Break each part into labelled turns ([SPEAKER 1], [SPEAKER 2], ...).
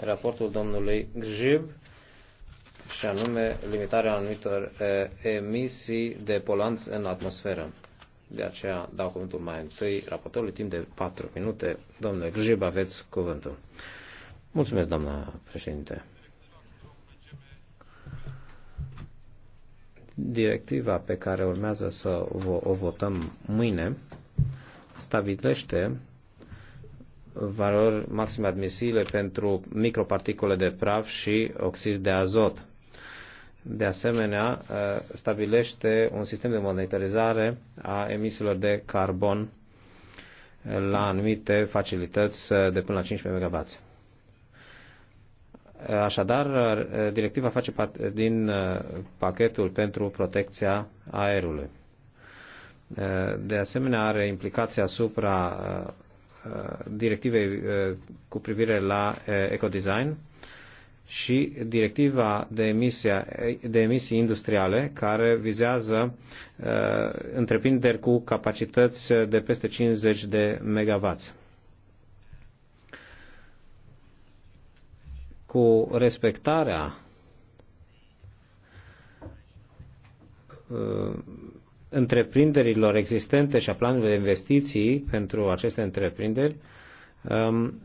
[SPEAKER 1] raportul domnului Gjib și anume limitarea anumitor emisii de poluanți în atmosferă. De aceea dau cuvântul mai întâi raportorului timp de 4 minute. Domnule Gjib, aveți cuvântul. Mulțumesc, doamna președinte. Directiva pe care urmează să o votăm mâine stabilește valori maxime admisibile pentru microparticule de praf și oxid de azot. De asemenea, uh, stabilește un sistem de monitorizare a emisiilor de carbon uh, la anumite facilități uh, de până la 15 MW. Așadar, directiva face parte din pachetul pentru protecția aerului. De asemenea, are implicații asupra Uh, directivei uh, cu privire la uh, ecodesign și directiva de, emisia, de emisii industriale care vizează uh, întreprinderi cu capacități de peste 50 de megawatts. Cu respectarea uh, întreprinderilor existente și a planului de investiții pentru aceste întreprinderi um,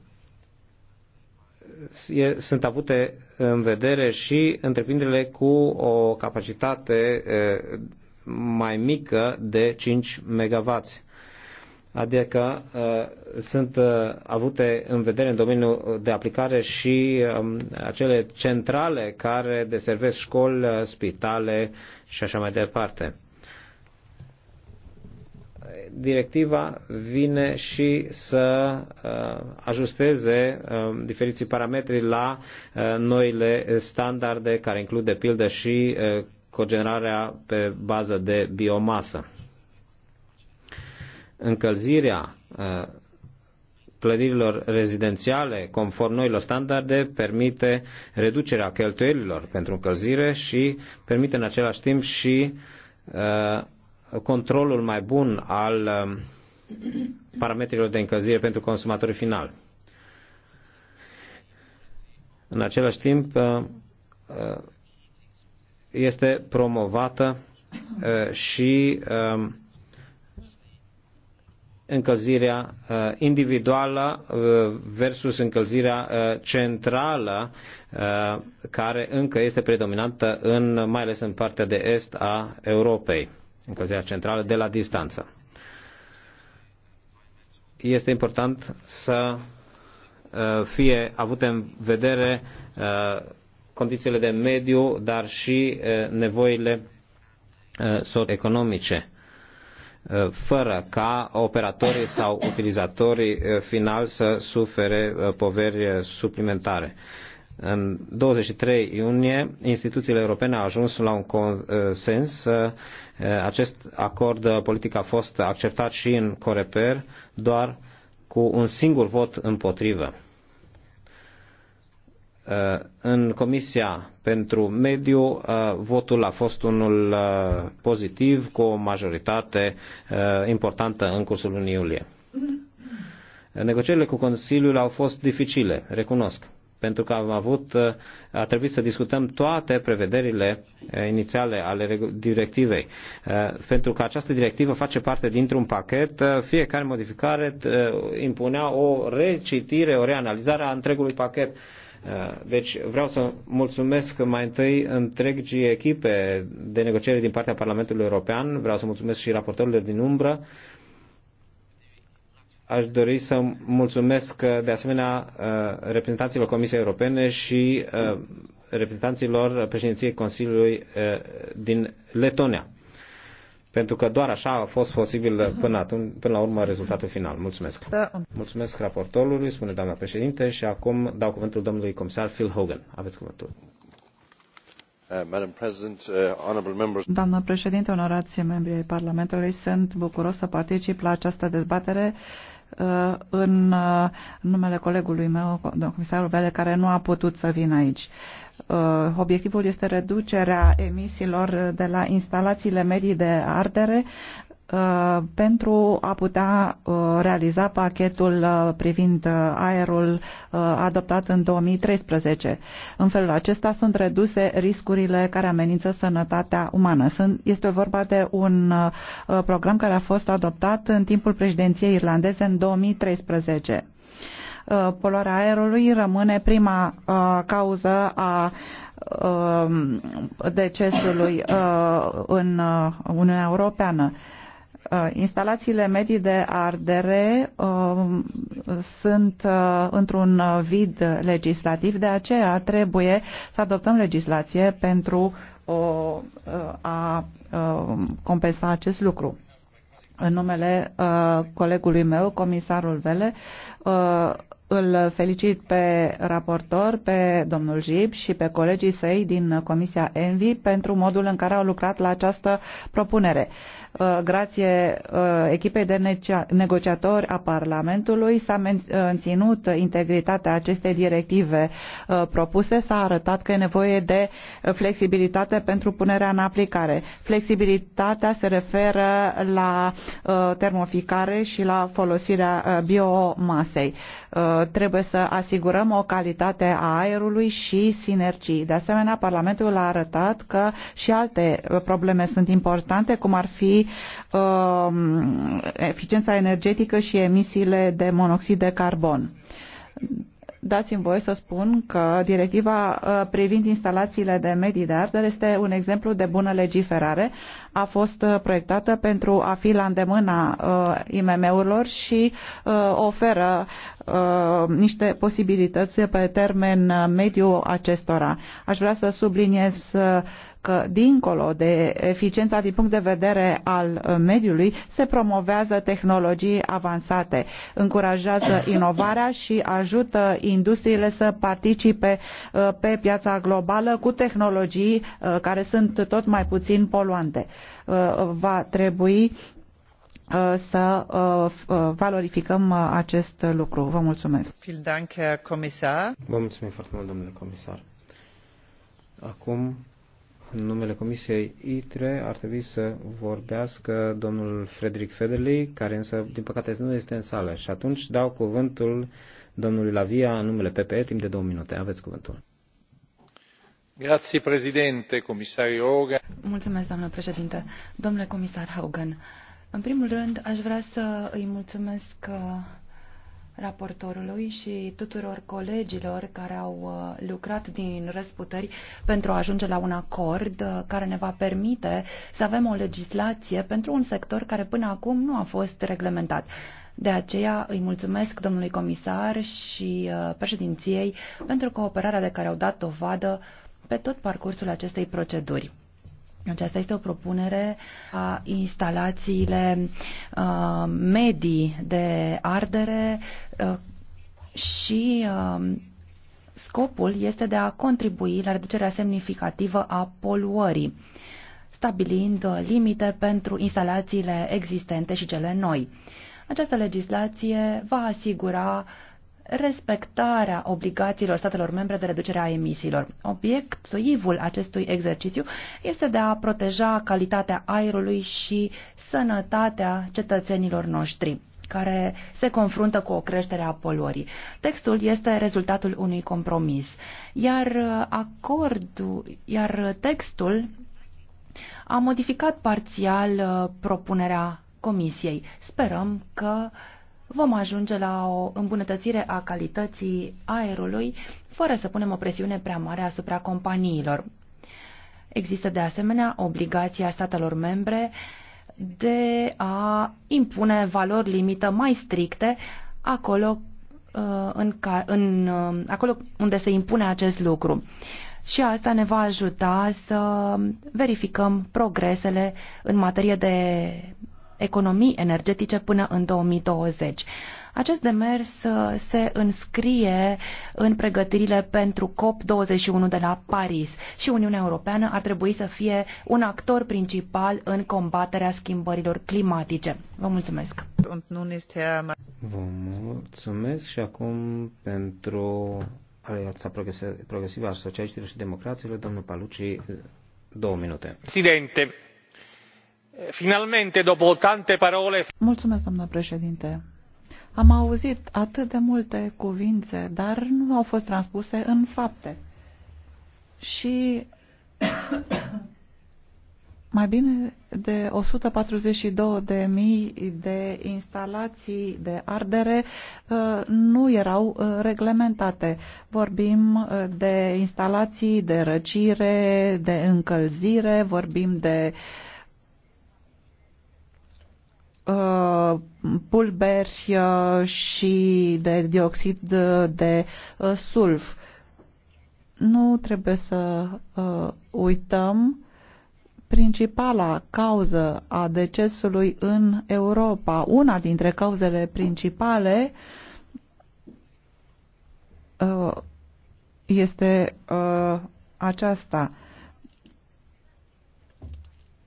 [SPEAKER 1] sunt avute în vedere și întreprinderile cu o capacitate mai mică de 5 MW. Adică sunt avute în vedere în domeniul de aplicare și um, acele centrale care deservesc școli, spitale și așa mai departe directiva vine și să uh, ajusteze uh, diferiții parametri la uh, noile standarde care includ de pildă și cogenerarea pe bază de biomasă. Încălzirea clădirilor rezidențiale, conform noilor standarde, permite reducerea cheltuielilor pentru încălzire și permite în același timp și uh, controlul mai bun al um, parametrilor de încălzire pentru consumatorul final. În același timp, uh, uh, este promovată uh, și um, încălzirea individuală versus încălzirea centrală, care încă este predominantă, în, mai ales în partea de est a Europei încălzirea centrală, de la distanță. Este important să uh, fie avute în vedere uh, condițiile de mediu, dar și uh, nevoile economice fără ca operatorii sau utilizatorii finali să sufere poveri suplimentare. În 23 iunie, instituțiile europene au ajuns la un consens. Uh, acest acord uh, politic a fost acceptat și în Coreper, doar cu un singur vot împotrivă. Uh, în Comisia pentru Mediu, votul a fost unul pozitiv, cu o majoritate importantă în cursul lunii iulie. Negocierile cu Consiliul au fost dificile, recunosc pentru că am avut, uh, a trebuit să discutăm toate prevederile uh, inițiale ale directivei. Uh, pentru că această directivă face parte dintr-un pachet, fiecare modificare impunea o recitire, o reanalizare a întregului pachet. Deci vreau să mulțumesc mai întâi întregii echipe de negociere din partea Parlamentului European, vreau să mulțumesc și raportorilor din umbră, Aș dori să mulțumesc uh, de asemenea uh, reprezentanților Comisiei Europene și uh, reprezentanților președinției Consiliului din Letonia. Pentru că doar așa a fost posibil până, atunci, până la urmă rezultatul final. Mulțumesc. Da. Mulțumesc raportorului, spune doamna președinte, și acum dau cuvântul domnului comisar Phil Hogan. Aveți cuvântul.
[SPEAKER 2] Doamnă
[SPEAKER 3] președinte, onorați membri ai Parlamentului, sunt bucuros să particip la această dezbatere Uh, în uh, numele colegului meu, comisarul Vele, care nu a putut să vină aici. Uh, obiectivul este reducerea emisiilor de la instalațiile medii de ardere Uh, pentru a putea uh, realiza pachetul uh, privind aerul adoptat în 2013. În felul acesta sunt reduse riscurile care amenință sănătatea umană. Este vorba de un program care a fost adoptat în timpul președinției irlandeze în 2013 poluarea aerului rămâne prima cauză a decesului în Uniunea Europeană. Uh, instalațiile medii de ardere uh, sunt uh, într-un vid legislativ, de aceea trebuie să adoptăm legislație pentru a compensa acest lucru. În numele colegului meu, comisarul Vele, îl felicit pe raportor, pe domnul Jib și pe colegii săi din Comisia Envi pentru modul în care au lucrat la această propunere. Uh, grație uh, echipei de negociatori a Parlamentului s-a menținut uh, integritatea acestei directive propuse, s-a arătat că e nevoie de flexibilitate pentru punerea în aplicare. Flexibilitatea se referă la termoficare și la folosirea biomasei trebuie să asigurăm o calitate a aerului și sinergii. De asemenea, Parlamentul a arătat că și alte probleme sunt importante, cum ar fi uh, eficiența energetică și emisiile de monoxid de carbon dați-mi voie să spun că directiva uh, privind instalațiile de medii de ardere este un exemplu de bună legiferare a fost uh, proiectată pentru a fi la îndemâna uh, IMM-urilor și uh, oferă niște posibilități pe termen mediu acestora. Aș vrea să subliniez că dincolo de eficiența din punct de vedere al uh, mediului, se promovează tehnologii avansate, încurajează inovarea și ajută industriile să participe uh, pe piața globală cu tehnologii uh, care sunt tot mai puțin poluante. Va trebui să valorificăm acest lucru. Vă mulțumesc. Vă mulțumim
[SPEAKER 1] foarte mult, domnule comisar. Acum în numele Comisiei ITRE ar trebui să vorbească domnul Frederic Federley, care însă, din păcate, nu este în sală. Și atunci dau cuvântul domnului Lavia în numele PPE timp de două minute. Aveți cuvântul. Grazie, președinte, Hogan.
[SPEAKER 2] Mulțumesc, doamnă președinte. Domnule comisar Haugen, în primul rând, aș vrea să îi mulțumesc uh, raportorului și tuturor colegilor care au uh, lucrat din răsputeri pentru a ajunge la un acord uh, care ne va permite să avem o legislație pentru un sector care până acum nu a fost reglementat. De aceea îi mulțumesc domnului comisar și uh, președinției pentru cooperarea de care au dat dovadă pe tot parcursul acestei proceduri. Aceasta este o propunere a instalațiile uh, medii de ardere uh, și uh, scopul este de a contribui la reducerea semnificativă a poluării, stabilind uh, limite pentru instalațiile existente și cele noi. Această legislație va asigura uh, respectarea obligațiilor statelor membre de reducere a emisiilor. Obiectivul acestui exercițiu este de a proteja calitatea aerului și sănătatea cetățenilor noștri care se confruntă cu o creștere a poluării. Textul este rezultatul unui compromis, iar acordul, iar textul a modificat parțial uh, propunerea Comisiei. Sperăm că uh, vom ajunge la o îmbunătățire a calității aerului fără să punem o presiune prea mare asupra companiilor. Există de asemenea obligația statelor membre de a impune valori limită mai stricte acolo, uh, în, în, uh, acolo unde se impune acest lucru. Și asta ne va ajuta să verificăm progresele în materie de economii energetice până în 2020. Acest demers uh, se înscrie în pregătirile pentru COP21 de la Paris și Uniunea Europeană ar trebui să fie un actor principal în combaterea schimbărilor climatice. Vă mulțumesc!
[SPEAKER 1] Vă mulțumesc și acum pentru Alianța Progresivă a Socialiștilor și Democrațiilor, domnul Paluci, două minute.
[SPEAKER 3] Presidente,
[SPEAKER 1] Finalmente, dopo tante parole...
[SPEAKER 3] Mulțumesc, domnule președinte. Am auzit atât de multe cuvinte, dar nu au fost transpuse în fapte. Și mai bine de 142.000 de instalații de ardere uh, nu erau uh, reglementate. Vorbim uh, de instalații de răcire, de încălzire, vorbim de uh, Uh, pulberi uh, și de dioxid de uh, sulf. Nu trebuie să uităm principala cauză a decesului în Europa, una dintre cauzele principale este aceasta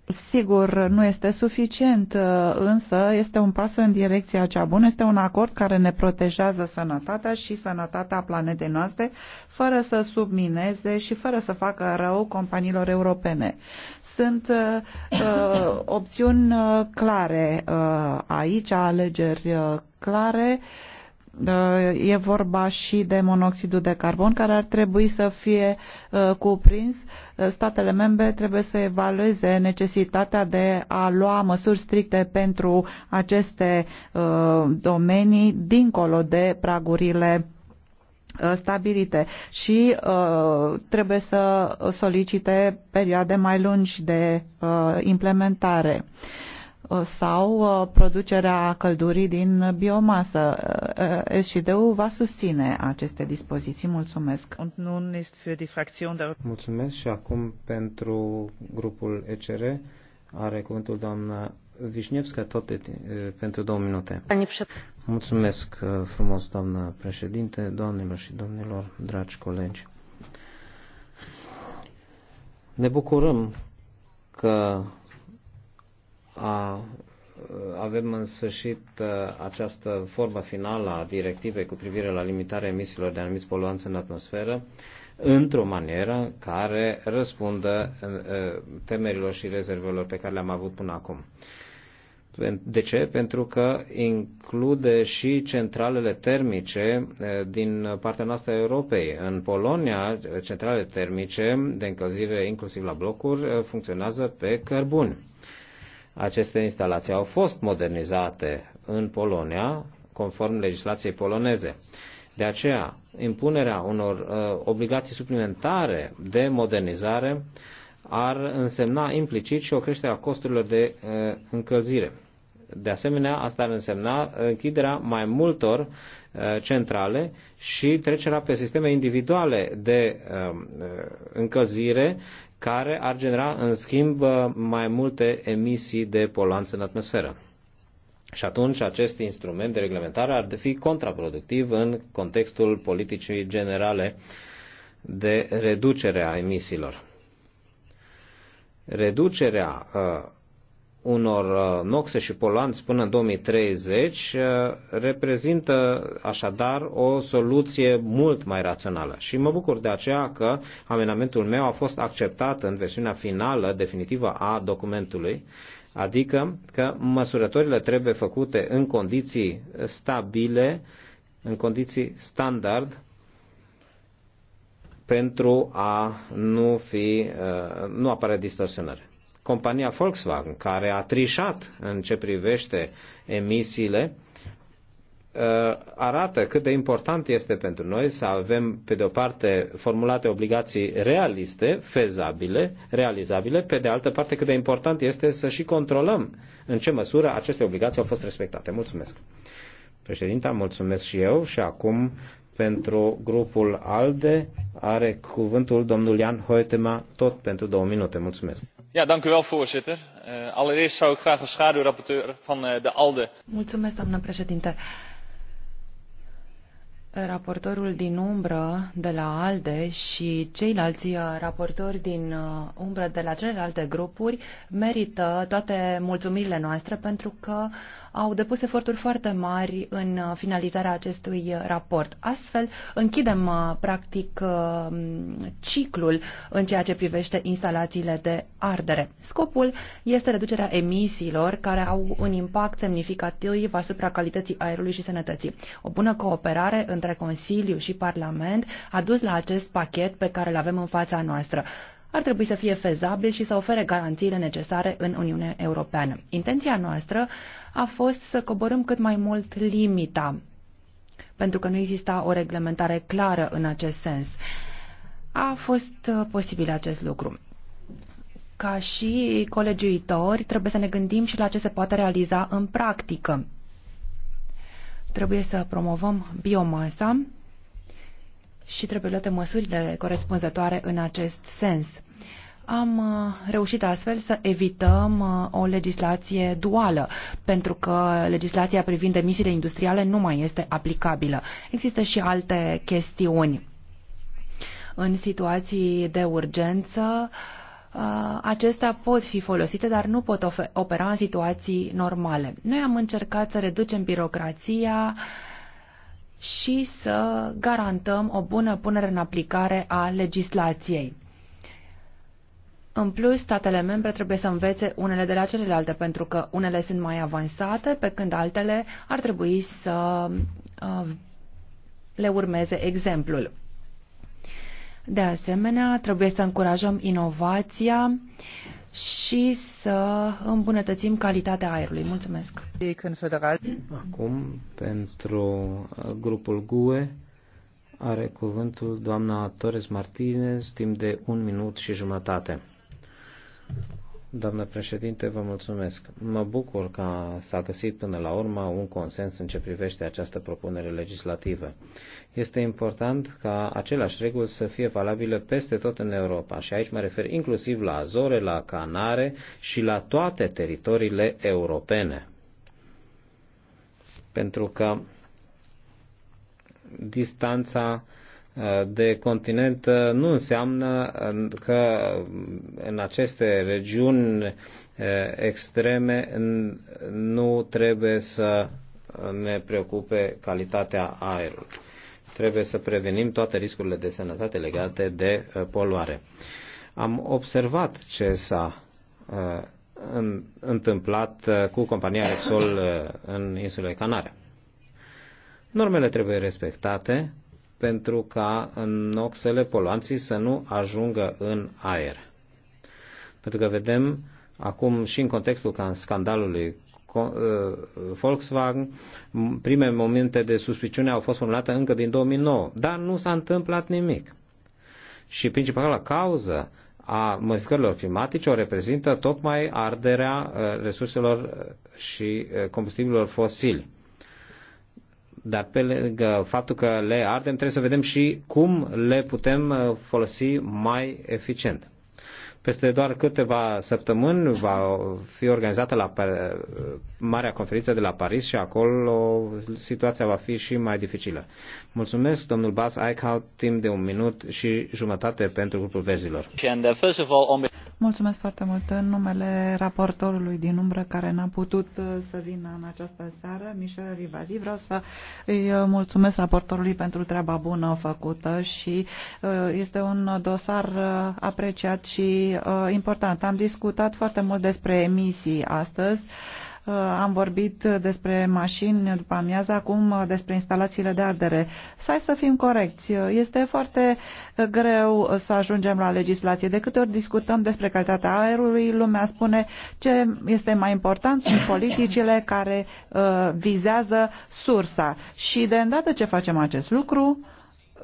[SPEAKER 3] Sigur, nu este suficient, uh, însă este un pas în direcția cea bună. Este un acord care ne protejează sănătatea și sănătatea planetei noastre, fără să submineze și fără să facă rău companiilor europene. Sunt uh, uh opțiuni uh, clare uh, aici, alegeri uh, clare. Uh, E vorba și de monoxidul de carbon care ar trebui să fie uh, cuprins. Uh, statele membre trebuie să evalueze necesitatea de a lua măsuri stricte pentru aceste uh, domenii dincolo de pragurile stabilite și uh, trebuie să solicite perioade mai lungi de uh, implementare. Uh, Uh, sau uh, producerea căldurii din biomasă. Uh, SCD-ul va susține aceste dispoziții. Mulțumesc.
[SPEAKER 1] Mulțumesc și acum pentru grupul ECR are cuvântul doamna Vișnevska, tot de, pentru două minute. Mulțumesc frumos, doamna președinte, doamnelor și domnilor, dragi colegi. Ne bucurăm că a, avem în sfârșit această formă finală a directivei cu privire la limitarea emisiilor de anumiți poluanți în atmosferă într-o manieră care răspundă temerilor și rezervelor pe care le-am avut până acum. De ce? Pentru că include și centralele termice din partea noastră a Europei. În Polonia, centralele termice de încălzire, inclusiv la blocuri, funcționează pe cărbuni. Aceste instalații au fost modernizate în Polonia conform legislației poloneze. De aceea, impunerea unor uh, obligații suplimentare de modernizare ar însemna implicit și o creștere a costurilor de uh, încălzire. De asemenea, asta ar însemna închiderea mai multor uh, centrale și trecerea pe sisteme individuale de uh, uh încălzire care ar genera, în schimb, uh, mai multe emisii de poluanți în atmosferă. Și atunci acest instrument de reglementare ar fi contraproductiv în contextul politicii generale de reducere a emisiilor. Reducerea uh, unor uh, noxe și polanți până în 2030 uh, reprezintă așadar o soluție mult mai rațională. Și mă bucur de aceea că amenamentul meu a fost acceptat în versiunea finală, definitivă a documentului, adică că măsurătorile trebuie făcute în condiții stabile, în condiții standard, pentru a nu, fi, uh, nu apare distorsionare compania Volkswagen, care a trișat în ce privește emisiile, uh, arată cât de important este pentru noi să avem, pe de o parte, formulate obligații realiste, fezabile, realizabile, pe de altă parte, cât de important este să și controlăm în ce măsură aceste obligații au fost respectate. Mulțumesc. Președinta, mulțumesc și eu și acum pentru grupul ALDE are cuvântul domnul Ian Hoitema tot pentru două minute. Mulțumesc voorzitter eh, allereerst zou ik graag de schaduwrapporteur van eh, de alde.
[SPEAKER 2] raportorul din umbră de la alde și ceilalți eh, raportori din umbră de la celelalte grupuri merită toate mulțumirile noastre pentru că au au depus eforturi foarte mari în uh, finalizarea acestui uh, raport. Astfel, închidem uh, practic ciclul în ceea ce privește instalațiile de ardere. Scopul este reducerea emisiilor care au un impact semnificativ asupra calității aerului și sănătății. O bună cooperare între Consiliu și Parlament a dus la acest pachet pe care îl avem în fața noastră ar trebui să fie fezabil și să ofere garanțiile necesare în Uniunea Europeană. Intenția noastră a fost să coborâm cât mai mult limita, pentru că nu exista o reglementare clară în acest sens. A fost uh, posibil acest lucru ca și colegiuitori, trebuie să ne gândim și la ce se poate realiza în practică. Trebuie să promovăm biomasa și trebuie luate măsurile corespunzătoare în acest sens. Am uh, reușit astfel să evităm uh, o legislație duală, pentru că legislația privind emisiile industriale nu mai este aplicabilă. Există și alte chestiuni. În situații de urgență, uh, acestea pot fi folosite, dar nu pot opera în situații normale. Noi am încercat să reducem birocrația, și să garantăm o bună punere în aplicare a legislației. În plus, statele membre trebuie să învețe unele de la celelalte, pentru că unele sunt mai avansate, pe când altele ar trebui să uh, le urmeze exemplul. De asemenea, trebuie să încurajăm inovația și să îmbunătățim calitatea aerului. Mulțumesc!
[SPEAKER 3] Acum,
[SPEAKER 1] pentru uh, grupul GUE, are cuvântul doamna Torres Martinez, timp de un minut și jumătate. Doamnă președinte, vă mulțumesc. Mă bucur că s-a găsit până la urmă un consens în ce privește această propunere legislativă. Este important ca aceleași reguli să fie valabile peste tot în Europa și aici mă refer inclusiv la Azore, la Canare și la toate teritoriile europene. Pentru că distanța uh, de continent uh, nu înseamnă uh, că uh, în aceste regiuni extreme nu trebuie să ne preocupe calitatea aerului. Trebuie să prevenim toate riscurile de sănătate legate de poluare. Am observat ce s-a întâmplat cu compania Repsol în insulele Canare. Normele trebuie respectate, pentru ca noxele poluanții să nu ajungă în aer. Pentru că vedem acum și în contextul scandalului uh, Volkswagen, prime momente de suspiciune au fost formulate încă din 2009, dar nu s-a întâmplat nimic. Și principala cauză a modificărilor climatice o reprezintă tocmai arderea uh, resurselor uh, și combustibilor fosili. Dar pe lângă faptul că le ardem, trebuie să vedem și cum le putem uh, folosi mai eficient. Peste doar câteva săptămâni va fi organizată la uh, Marea Conferință de la Paris și acolo situația va fi și mai dificilă. Mulțumesc, domnul Bas Eichhout, timp de un minut și jumătate pentru grupul verzilor.
[SPEAKER 3] Mulțumesc foarte mult în numele raportorului din umbră care n-a putut uh, să vină în această seară, Michel Rivazi. Vreau să îi uh, mulțumesc raportorului pentru treaba bună făcută și uh, este un dosar apreciat și important. Am discutat foarte mult despre emisii astăzi. Uh, am vorbit despre mașini după amiază, acum uh, despre instalațiile de ardere. Să să fim corecți. Uh, este foarte greu să ajungem la legislație. De câte ori discutăm despre calitatea aerului, lumea spune ce este mai important sunt politicile care vizează sursa. Și de îndată ce facem acest lucru,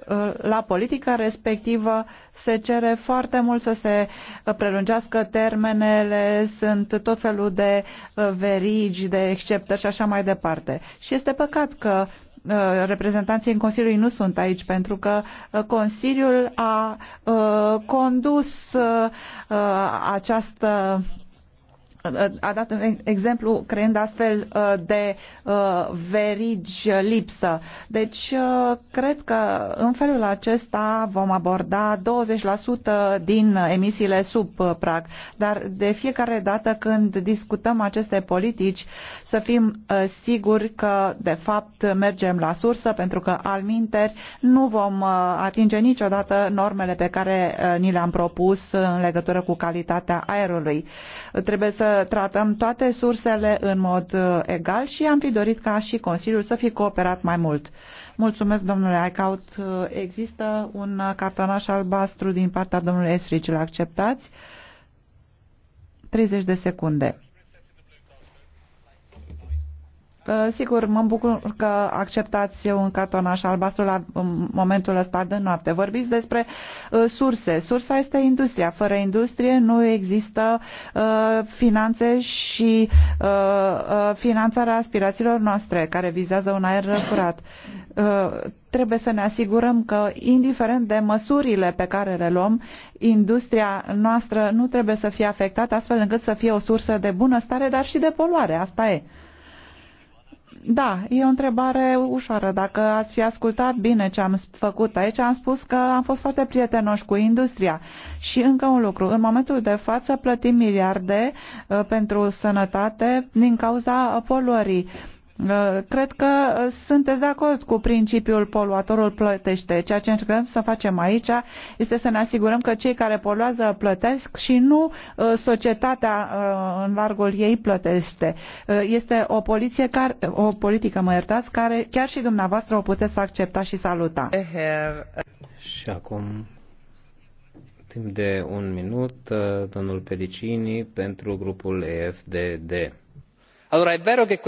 [SPEAKER 3] Uh, la politica respectivă se cere foarte mult să se prelungească termenele, sunt tot felul de uh, verigi, de exceptări și așa mai departe. Și este păcat că uh, reprezentanții în Consiliului nu sunt aici pentru că Consiliul a condus această a dat un exemplu creând astfel uh, de uh, verigi lipsă. Deci, uh, cred că în felul acesta vom aborda 20% din emisiile sub prag. Dar de fiecare dată când discutăm aceste politici, să fim siguri că, de fapt, mergem la sursă, pentru că, minteri, nu vom atinge niciodată normele pe care ni le-am propus în legătură cu calitatea aerului. Trebuie să tratăm toate sursele în mod uh, egal și am fi dorit ca și Consiliul să fi cooperat mai mult. Mulțumesc, domnule Aicaut. Uh, există un uh, cartonaș albastru din partea domnului Esrici. Îl acceptați? 30 de secunde. Uh, sigur, mă bucur că acceptați un cartonaș albastru la um, momentul ăsta de noapte. Vorbiți despre uh, surse. Sursa este industria. Fără industrie nu există uh, finanțe și finanțarea aspirațiilor noastre care vizează un aer curat. Trebuie să ne asigurăm că, indiferent de măsurile pe care le luăm, industria noastră nu trebuie să fie afectată astfel încât să fie o sursă de bunăstare, dar și de poluare. Asta e. Da, e o întrebare ușoară. Dacă ați fi ascultat bine ce am făcut aici, am spus că am fost foarte prietenoși cu industria. Și încă un lucru, în momentul de față plătim miliarde uh, pentru sănătate din cauza poluării. Cred că uh, sunteți de acord cu principiul poluatorul plătește. Ceea ce încercăm să facem aici este să ne asigurăm că cei care poluează plătesc și nu uh, societatea uh, în largul ei plătește. Este o, poliție care, o politică, mă iertați, care chiar și dumneavoastră o puteți accepta și saluta.
[SPEAKER 1] Și acum, timp de un minut, domnul Pedicini pentru grupul EFDD allora è vero che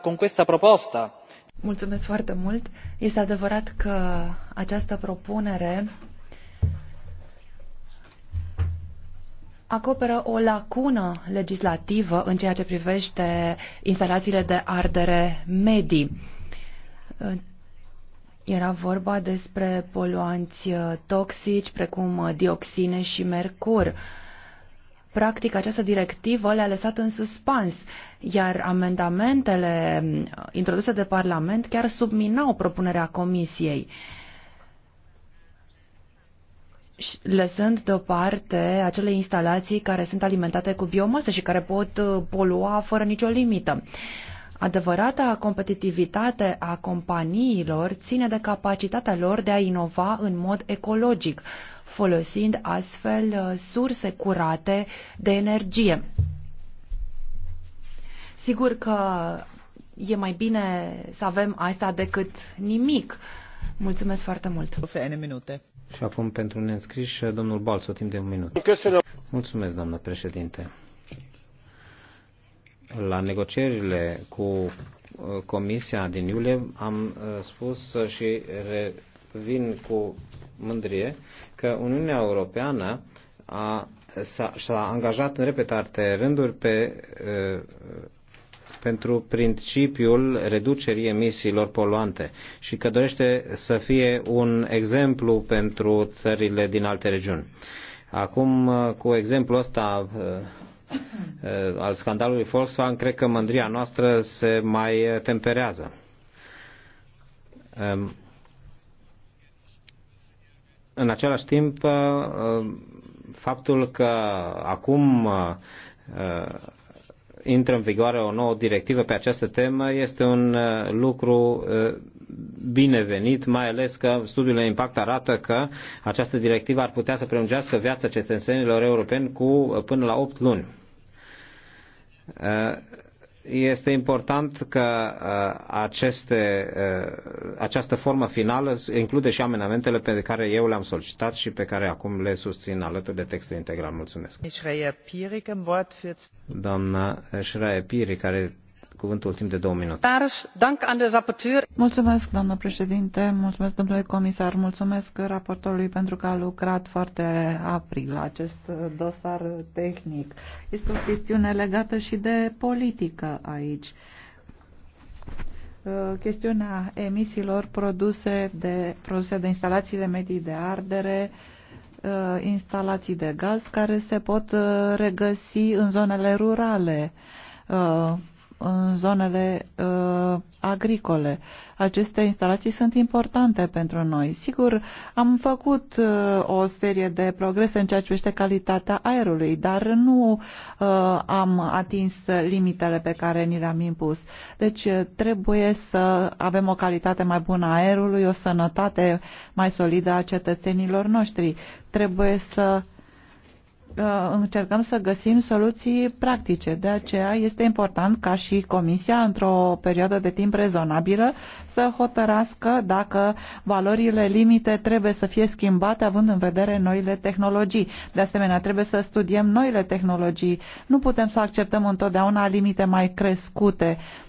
[SPEAKER 1] con questa proposta
[SPEAKER 2] Mulțumesc foarte mult. Este adevărat că această propunere acoperă o lacună legislativă în ceea ce privește instalațiile de ardere medii. Era vorba despre poluanți toxici, precum dioxine și mercur. Uh, Practic, această directivă le-a lăsat în suspans, iar amendamentele mm, introduse de Parlament chiar subminau propunerea Comisiei lăsând deoparte acele instalații care sunt alimentate cu biomasă și care pot uh, polua fără nicio limită. Adevărata competitivitate a companiilor ține de capacitatea lor de a inova în mod ecologic, folosind astfel uh, surse curate de energie. Sigur că e mai bine să avem asta decât nimic. Mulțumesc foarte mult. minute.
[SPEAKER 1] Și acum pentru neînscriși, domnul Balț, o timp de un minut. Mulțumesc, doamnă președinte la negocierile cu uh, Comisia din iulie am uh, spus și revin cu mândrie că Uniunea Europeană a, s-a, s-a angajat în repetate rânduri pe, uh, pentru principiul reducerii emisiilor poluante și că dorește să fie un exemplu pentru țările din alte regiuni. Acum, cu exemplul ăsta Eh, al scandalului Volkswagen, cred că mândria noastră se mai eh, temperează. În același timp, eh, faptul că acum intră în vigoare o nouă directivă pe această temă este un lucru binevenit, mai ales că studiul de impact arată că această directivă ar putea să prelungească viața cetățenilor europeni cu până la 8 luni. Uh, este important că uh, aceste, uh, această formă finală include și amenamentele pe care eu le-am solicitat și pe care acum le susțin alături de textul integral. Mulțumesc. Doamna Shreya Piri, care cuvântul timp de două minute.
[SPEAKER 3] Mulțumesc, doamnă președinte, mulțumesc, domnule comisar, mulțumesc raportorului pentru că a lucrat foarte aprig la acest dosar tehnic. Este o chestiune legată și de politică aici chestiunea emisiilor produse de, produse de instalații de medii de ardere, instalații de gaz care se pot regăsi în zonele rurale, în zonele uh, agricole. Aceste instalații sunt importante pentru noi. Sigur, am făcut uh, o serie de progrese în ceea ce privește calitatea aerului, dar nu uh, am atins limitele pe care ni le-am impus. Deci uh, trebuie să avem o calitate mai bună a aerului, o sănătate mai solidă a cetățenilor noștri. Trebuie să Uh, încercăm să găsim soluții practice. De aceea este important ca și Comisia, într-o perioadă de timp rezonabilă, să hotărască dacă valorile limite trebuie să fie schimbate având în vedere noile tehnologii. De asemenea, trebuie să studiem noile tehnologii. Nu putem să acceptăm întotdeauna limite mai crescute uh,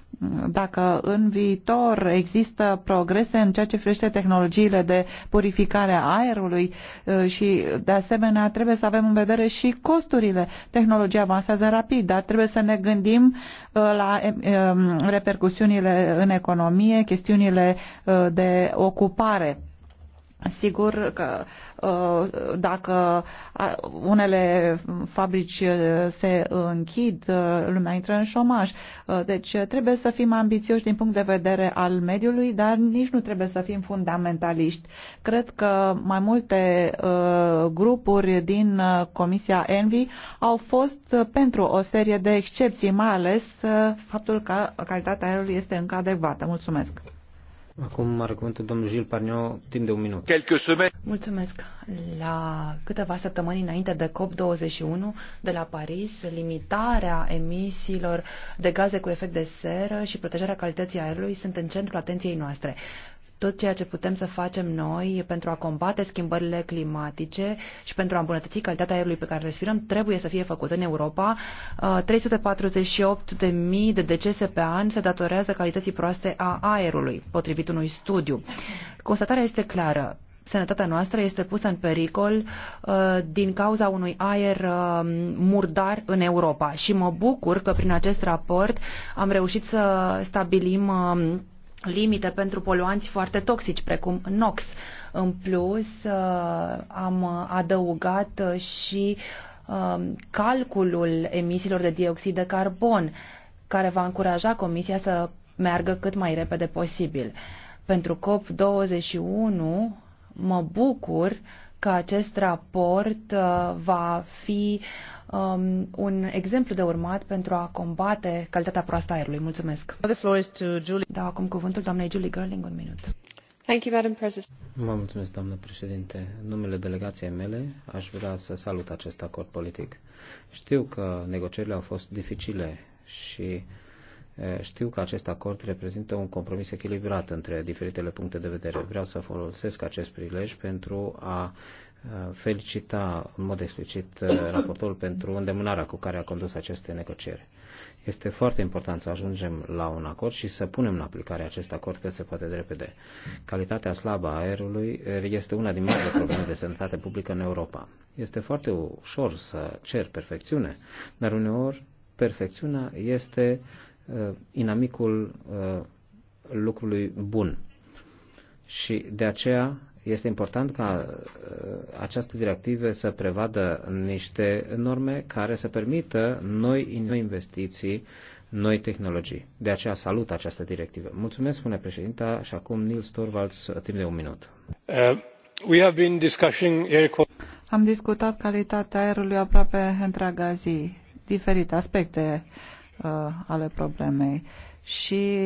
[SPEAKER 3] dacă în viitor există progrese în ceea ce privește tehnologiile de purificare a aerului uh, și de asemenea trebuie să avem în vedere și costurile. Tehnologia avansează rapid, dar trebuie să ne gândim uh, la uh, um, repercusiunile în economie, chestiunile de ocupare Sigur că uh, dacă uh, unele fabrici uh, se închid, lumea intră în șomaj. Deci trebuie să fim ambițioși din punct de vedere al mediului, dar nici nu trebuie să fim fundamentaliști. Cred că mai multe grupuri din Comisia Envi au fost pentru o serie de excepții, mai ales faptul că calitatea aerului este încă adecvată. Mulțumesc!
[SPEAKER 1] Acum are cuvântul domnul Gil Parnio, timp de un minut.
[SPEAKER 3] Mulțumesc.
[SPEAKER 2] La câteva săptămâni înainte de COP21 de la Paris, limitarea emisiilor de gaze cu efect de seră și protejarea calității aerului sunt în centrul atenției noastre tot ceea ce putem să facem noi pentru a combate schimbările climatice și pentru a îmbunătăți calitatea aerului pe care respirăm trebuie să fie făcut în Europa. 348.000 uh, de decese pe an se datorează calității proaste a aerului, potrivit unui studiu. Constatarea este clară sănătatea noastră este pusă în pericol uh, din cauza unui aer uh, murdar în Europa. Și mă bucur că prin acest raport am reușit să stabilim uh, limite pentru poluanți foarte toxici, precum NOx. În plus, uh, am adăugat și um, calculul emisiilor de dioxid de carbon, care va încuraja Comisia să meargă cât mai repede posibil. Pentru COP21 mă bucur că acest raport uh, va fi um, un exemplu de urmat pentru a combate calitatea proastă a aerului. Mulțumesc. The floor is to Julie. Da, acum cuvântul doamnei Julie Gerling, un minut. Thank you, Madam President.
[SPEAKER 1] Mă mulțumesc, doamnă președinte. În numele delegației mele aș vrea să salut acest acord politic. Știu că negocierile au fost dificile și știu că acest acord reprezintă un compromis echilibrat între diferitele puncte de vedere. Vreau să folosesc acest prilej pentru a Eh, felicita în mod explicit eh, raportorul pentru îndemânarea cu care a condus aceste negocieri. Este foarte important să ajungem la un acord și să punem în aplicare acest acord cât se poate de repede. Calitatea slabă a aerului eh, este una din marile probleme de sănătate publică în Europa. Este foarte ușor să cer perfecțiune, dar uneori perfecțiunea este uh, inamicul uh, lucrului bun. Și de aceea este important ca uh, această directivă să prevadă niște norme care să permită noi, investiții, noi tehnologii. De aceea salut această directivă. Mulțumesc, spune președinta, și acum Nils Torvalds, timp de un minut.
[SPEAKER 2] Uh, we have been discussing air
[SPEAKER 3] Am discutat calitatea aerului aproape întreaga zi, diferite aspecte uh, ale problemei. Și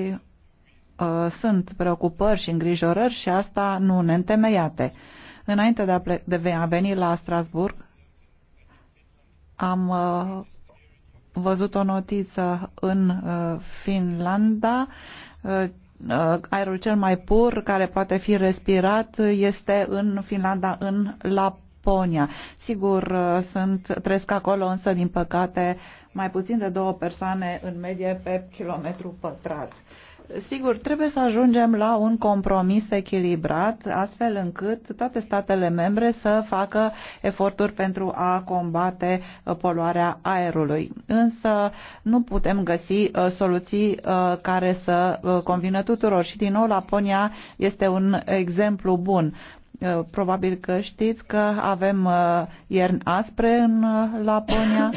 [SPEAKER 3] Uh, sunt preocupări și îngrijorări și asta nu neîntemeiate. Înainte de a, ple- de a veni la Strasburg, am uh, văzut o notiță în uh, Finlanda. Aerul cel mai pur care poate fi respirat este în Finlanda, în Laponia. Sigur, sunt, trăiesc acolo, însă, din păcate, mai puțin de două persoane în medie pe kilometru pătrat. Sigur, trebuie să ajungem la un compromis echilibrat, astfel încât toate statele membre să facă eforturi pentru a combate uh, poluarea aerului. Însă nu putem găsi uh, soluții uh, care să convină tuturor și din nou Laponia este un exemplu bun. Probabil că știți că avem ierni aspre în Laponia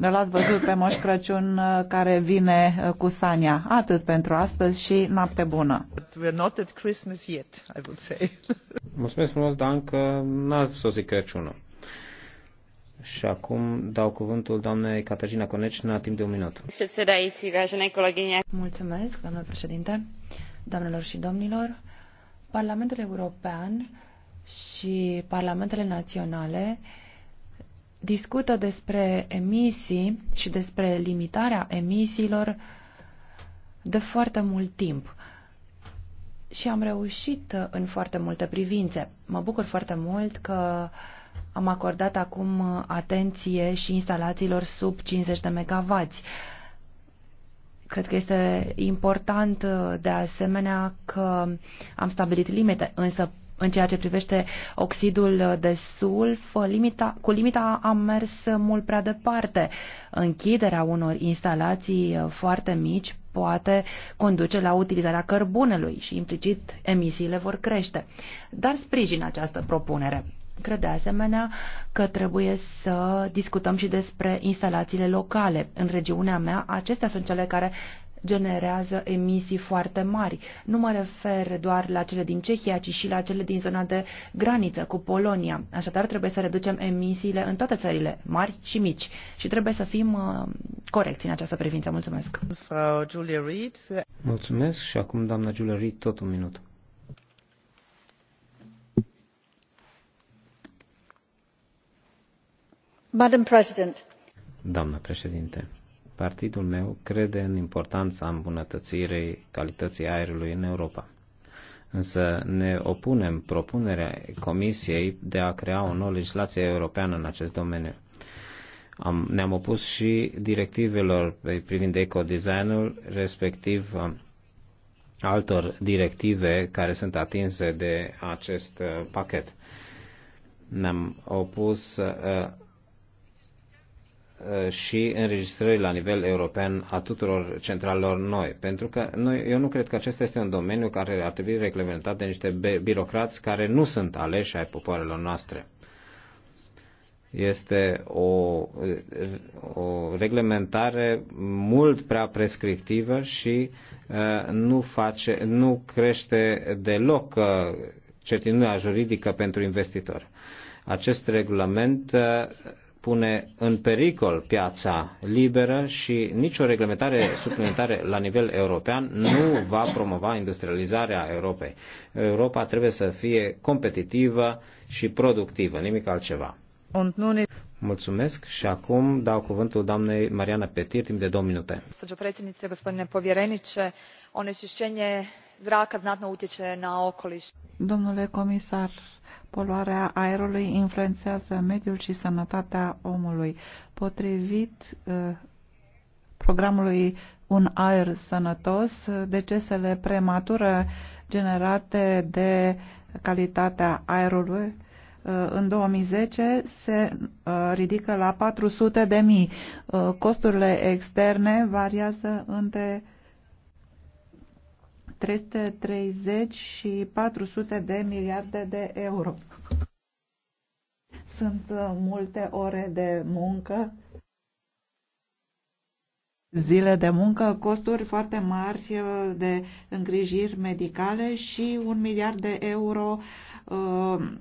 [SPEAKER 3] L-ați văzut pe Moș Crăciun uh, care vine uh, cu Sania. Atât pentru astăzi și noapte bună. We're not at Christmas yet, I would say.
[SPEAKER 1] Mulțumesc frumos, dar încă n-a sosit Crăciunul. Și acum dau cuvântul doamnei Caterina Conecina
[SPEAKER 2] timp de un minut. Mulțumesc, domnule președinte, doamnelor și domnilor. Parlamentul European și parlamentele naționale discută despre emisii și despre limitarea emisiilor de foarte mult timp. Și am reușit uh, în foarte multe privințe. Mă bucur foarte mult că am acordat acum uh, atenție și instalațiilor sub 50 de MW. Cred că este important uh, de asemenea că am stabilit limite, însă în ceea ce privește oxidul de sulf, limita, cu limita a mers mult prea departe. Închiderea unor instalații uh, foarte mici poate conduce la utilizarea cărbunelui și implicit emisiile vor crește. Dar sprijin această propunere. Cred de asemenea că trebuie să discutăm și despre instalațiile locale. În regiunea mea, acestea sunt cele care generează emisii foarte mari. Nu mă refer doar la cele din Cehia, ci și la cele din zona de graniță cu Polonia. Așadar, trebuie să reducem emisiile în toate țările, mari și mici. Și trebuie să fim uh, corecți în această privință. Mulțumesc.
[SPEAKER 3] Julia Reed.
[SPEAKER 1] Mulțumesc și acum doamna Julia Reed, tot un minut.
[SPEAKER 3] Madam President.
[SPEAKER 1] Doamna președinte, partidul meu crede în importanța îmbunătățirii calității aerului în Europa. Însă ne opunem propunerea Comisiei de a crea o nouă legislație europeană în acest domeniu. Am, ne-am opus și directivelor privind ecodesignul, respectiv uh, altor directive care sunt atinse de acest uh, pachet. Ne-am opus uh, Eh, și înregistrări la nivel european a tuturor centralelor noi. Pentru că noi, eu nu cred că acesta este un domeniu care ar trebui reglementat de niște birocrați care nu sunt aleși ai popoarelor noastre. Este o, eh, o reglementare mult prea prescriptivă și uh, nu, face, nu crește deloc uh, certitudinea juridică pentru investitori. Acest regulament uh, pune în pericol piața liberă și nicio reglementare suplimentare la nivel european nu va promova industrializarea Europei. Europa trebuie să fie competitivă și productivă, nimic altceva. Mulțumesc și acum dau cuvântul doamnei Mariana Petir timp de două minute.
[SPEAKER 2] Stăgiu predsjednice, gospodine povjereniče, onečišćenje zraka znatno utice na okoliš.
[SPEAKER 3] Domnule comisar, Poluarea aerului influențează mediul și sănătatea omului. Potrivit uh, programului Un aer sănătos, uh, decesele premature generate de calitatea aerului uh, în 2010 se ridică la 400 de mii. Costurile externe variază între 330 și 400 de miliarde de euro. Sunt uh, multe ore de muncă, zile de muncă, costuri foarte mari uh, de îngrijiri medicale și un miliard de euro uh,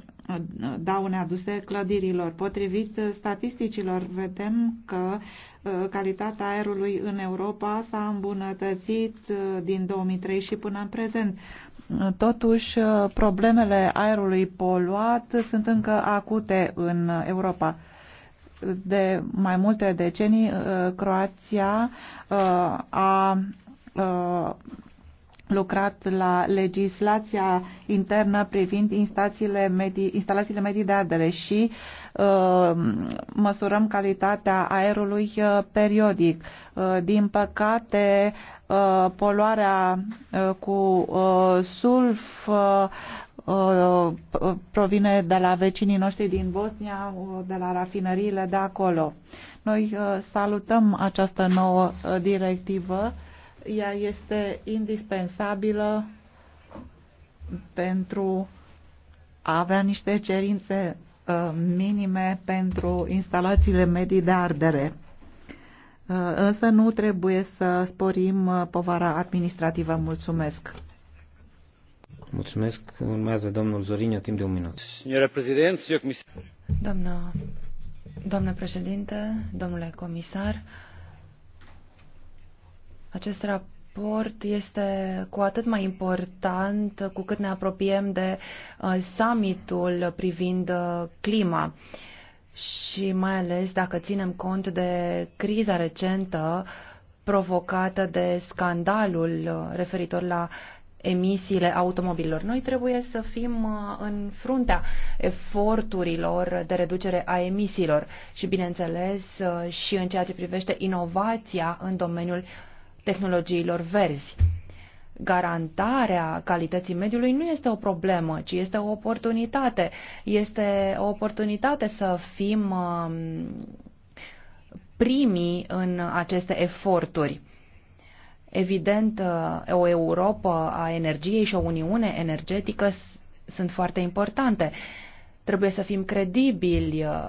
[SPEAKER 3] daune aduse clădirilor. Potrivit statisticilor, vedem că uh, calitatea aerului în Europa s-a îmbunătățit uh, din 2003 și până în prezent. Totuși, uh, problemele aerului poluat sunt încă acute în Europa de mai multe decenii, Croația a lucrat la legislația internă privind instațiile medii, instalațiile medii de ardere și uh, măsurăm calitatea aerului uh, periodic. Uh, din păcate, uh, poluarea uh, cu uh, sulf uh, uh, provine de la vecinii noștri din Bosnia, uh, de la rafinăriile de acolo. Noi uh, salutăm această nouă uh, directivă uh, ea este indispensabilă pentru a avea niște cerințe uh, minime pentru instalațiile medii de ardere. Uh, însă nu trebuie să sporim uh, povara administrativă. Mulțumesc!
[SPEAKER 1] Mulțumesc. Urmează domnul Zorinio, timp de un minut.
[SPEAKER 2] Doamnă, doamnă președinte, domnule comisar, acest raport este cu atât mai important cu cât ne apropiem de uh, summitul privind uh, clima și mai ales dacă ținem cont de criza recentă provocată de scandalul uh, referitor la emisiile automobililor. Noi trebuie să fim în fruntea eforturilor de reducere a emisiilor și, bineînțeles, și în ceea ce privește inovația în domeniul tehnologiilor verzi. Garantarea calității mediului nu este o problemă, ci este o oportunitate. Este o oportunitate să fim um, primii în aceste eforturi. Evident, uh, o Europa a energiei și o Uniune energetică sunt foarte importante. Trebuie să fim credibili uh,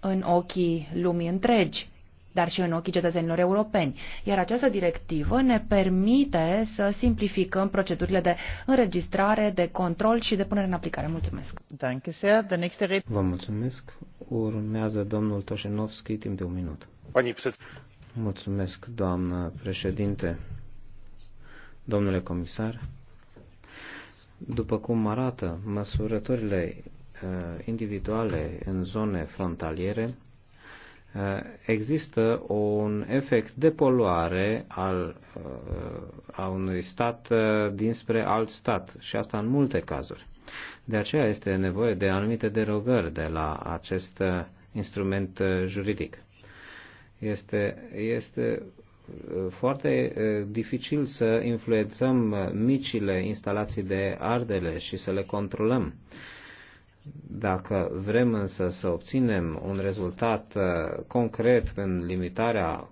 [SPEAKER 2] în ochii lumii întregi dar și în ochii cetățenilor europeni. Iar această directivă ne permite să simplificăm procedurile de înregistrare, de control și de punere în aplicare. Mulțumesc!
[SPEAKER 1] Vă mulțumesc! Urmează domnul Toșenovski timp de un minut. Mulțumesc, doamnă președinte, domnule comisar. După cum arată măsurătorile uh, individuale în zone frontaliere, Eh, există un efect de poluare al, eh, a unui stat eh, dinspre alt stat și asta în multe cazuri. De aceea este nevoie de anumite derogări de la acest instrument juridic. Este, este foarte dificil să influențăm micile instalații de ardele și să le controlăm. Dacă vrem însă să obținem un rezultat uh, concret în limitarea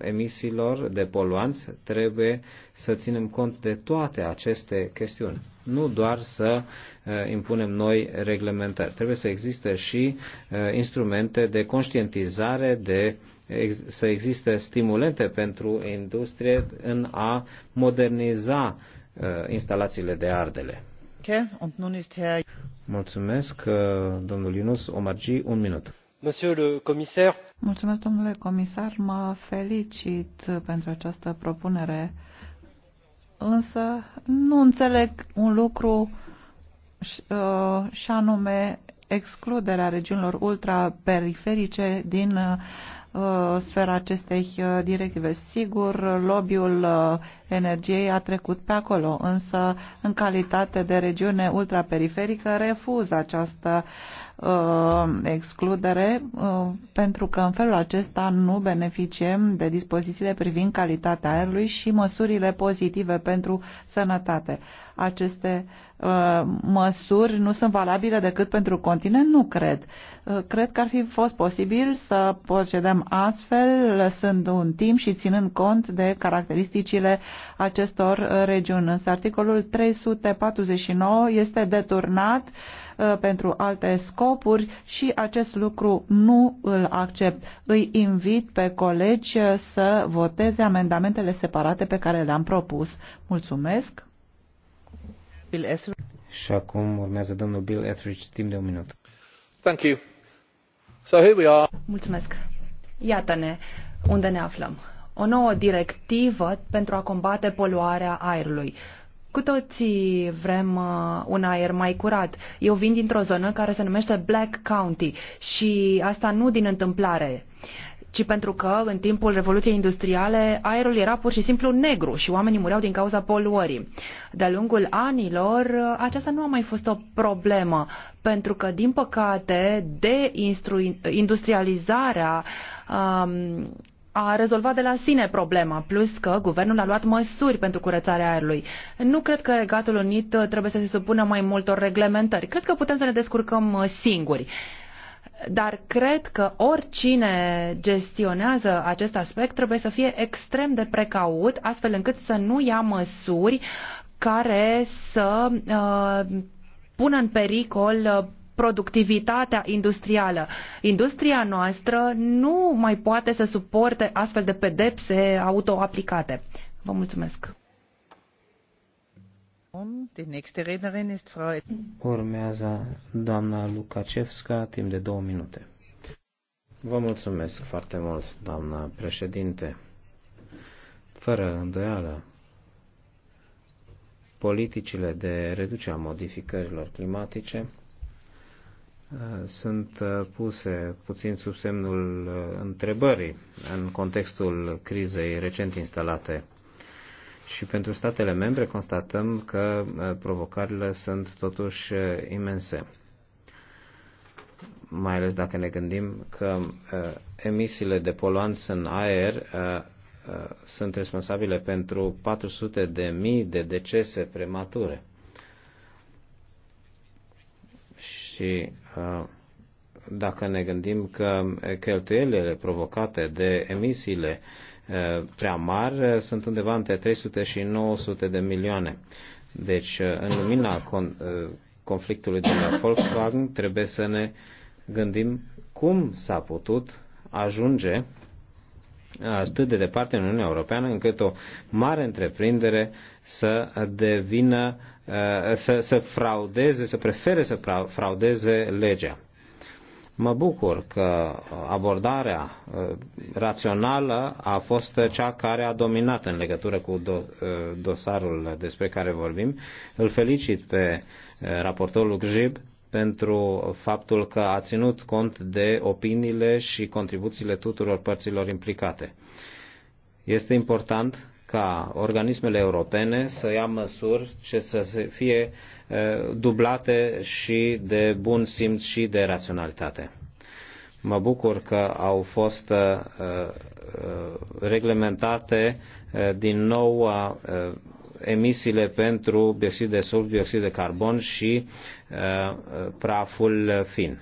[SPEAKER 1] emisiilor de poluanți, trebuie să ținem cont de toate aceste chestiuni. Nu doar să uh, impunem noi reglementări. Trebuie să existe și uh, instrumente de conștientizare, de să existe stimulente pentru industrie în a moderniza instalațiile de ardele. Mulțumesc, uh, domnul Linus Omargi, un minut. Monsieur le comisar.
[SPEAKER 3] Mulțumesc, domnule comisar, mă felicit pentru această propunere, însă nu înțeleg un lucru și uh, anume excluderea regiunilor ultraperiferice din uh, Uh, sfera acestei uh, directive. Sigur, lobby-ul uh, energiei a trecut pe acolo, însă în calitate de regiune ultraperiferică refuz această uh, excludere uh, pentru că în felul acesta nu beneficiem de dispozițiile privind calitatea aerului și măsurile pozitive pentru sănătate. Aceste uh, Uh, măsuri nu sunt valabile decât pentru continent? Nu cred. Uh, cred că ar fi fost posibil să procedăm astfel, lăsând un timp și ținând cont de caracteristicile acestor uh, regiuni. Însă articolul 349 este deturnat pentru alte scopuri și acest lucru nu îl accept. Îi invit pe colegi să voteze amendamentele separate pe care le-am propus. Mulțumesc! Bill Etheridge.
[SPEAKER 1] Și acum urmează domnul Bill Etheridge timp de un minut.
[SPEAKER 2] Thank you. So here we are. Mulțumesc. Iată-ne unde ne aflăm. O nouă directivă pentru a combate poluarea aerului. Cu toții vrem uh, un aer mai curat. Eu vin dintr-o zonă care se numește Black County și asta nu din întâmplare. Uh, ci pentru că în timpul Revoluției Industriale aerul era pur și simplu negru și oamenii mureau din cauza poluării. De-a lungul anilor, aceasta nu a mai fost o problemă, pentru că, din păcate, deindustrializarea um, a rezolvat de la sine problema, plus că guvernul a luat măsuri pentru curățarea aerului. Nu cred că Regatul Unit trebuie să se supună mai multor reglementări. Cred că putem să ne descurcăm uh, singuri dar cred că oricine gestionează acest aspect trebuie să fie extrem de precaut, astfel încât să nu ia măsuri care să uh, pună în pericol uh, productivitatea industrială. Industria noastră nu mai poate să suporte astfel de pedepse autoaplicate. Vă mulțumesc!
[SPEAKER 1] Urmează doamna Lukacevska, timp de două minute. Vă mulțumesc foarte mult, doamna președinte. Fără îndoială, politicile de reducere a modificărilor climatice uh, sunt uh, puse puțin sub semnul uh, întrebării în contextul crizei recent instalate și pentru statele membre constatăm că uh, provocările sunt totuși uh, imense. Mai ales dacă ne gândim că uh, emisiile de poluanți în aer sunt responsabile pentru 400 de mii de decese premature. Și dacă ne gândim că cheltuielile provocate de emisiile Eh, prea mari, eh, sunt undeva între 300 și 900 de milioane. Deci, eh, în lumina conflictului de la Volkswagen, trebuie să ne gândim cum s-a putut ajunge atât de departe în Uniunea Europeană încât o mare întreprindere să devină, să, să fraudeze, să prefere să fraudeze legea. Mă bucur că uh, abordarea uh, rațională a fost uh, cea care a dominat în legătură cu dosarul despre care vorbim. Îl felicit pe raportorul Gjib pentru faptul că a ținut cont de opiniile și contribuțiile tuturor părților implicate. Este important ca organismele europene să ia măsuri ce să fie dublate și de bun simț și de raționalitate. Mă bucur că au fost reglementate din nou emisiile pentru dioxid de sulf, dioxid de carbon și praful fin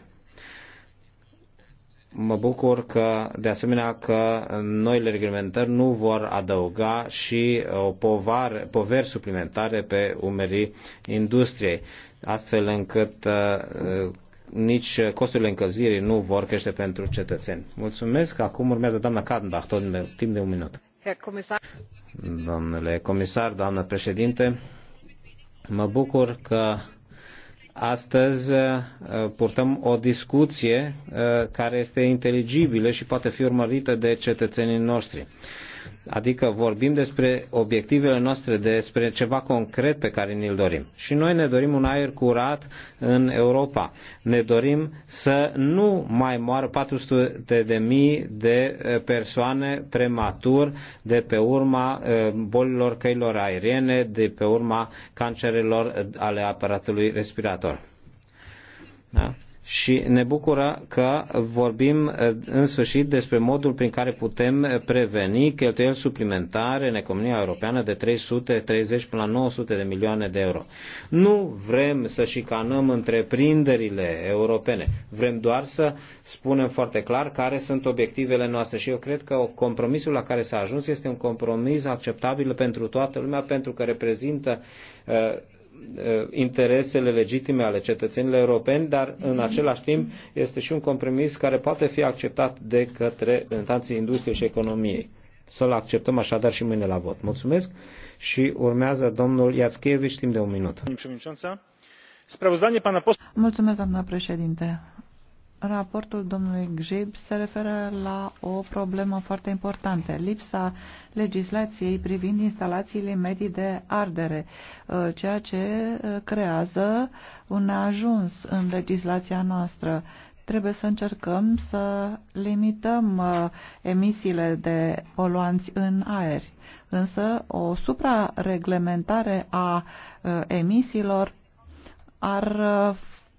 [SPEAKER 1] mă bucur că, de asemenea, că noile reglementări nu vor adăuga și uh, o povar, poveri suplimentare pe umerii industriei, astfel încât uh, uh, nici costurile încălzirii nu vor crește pentru cetățeni. Mulțumesc. Acum urmează doamna Kadenbach, tot timp de un minut. Domnule comisar, doamnă președinte, mă bucur că Astăzi uh, purtăm o discuție uh, care este inteligibilă și poate fi urmărită de cetățenii noștri. Adică vorbim despre obiectivele noastre, despre ceva concret pe care ni-l dorim. Și noi ne dorim un aer curat în Europa. Ne dorim să nu mai moară 400 de mii de eh, persoane prematur de pe urma eh, bolilor căilor aeriene, de pe urma cancerelor eh, ale aparatului respirator. Da? și ne bucură că vorbim eh, în sfârșit despre modul prin care putem eh, preveni cheltuieli suplimentare în economia europeană de 330 până la 900 de milioane de euro. Nu vrem să șicanăm întreprinderile europene, vrem doar să spunem foarte clar care sunt obiectivele noastre și eu cred că compromisul la care s-a ajuns este un compromis acceptabil pentru toată lumea pentru că reprezintă eh, interesele legitime ale cetățenilor europeni, dar în același timp este și un compromis care poate fi acceptat de către reprezentanții industriei și economiei. Să-l acceptăm așadar și mâine la vot. Mulțumesc și urmează domnul Iațchevici timp de un minut.
[SPEAKER 3] Mulțumesc, doamna președinte. Raportul domnului Gjib se referă la o problemă foarte importantă, lipsa legislației privind instalațiile medii de ardere, uh, ceea ce uh, creează un ajuns în legislația noastră. Trebuie să încercăm să limităm uh, emisiile de poluanți în aer, însă o suprareglementare a emisiilor ar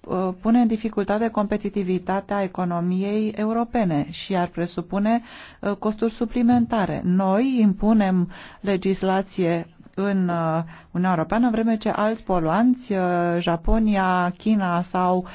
[SPEAKER 3] Uh, pune în dificultate competitivitatea economiei europene și ar presupune uh, costuri suplimentare. Noi impunem legislație în uh, Uniunea Europeană, în vreme ce alți poluanți, Japonia, China sau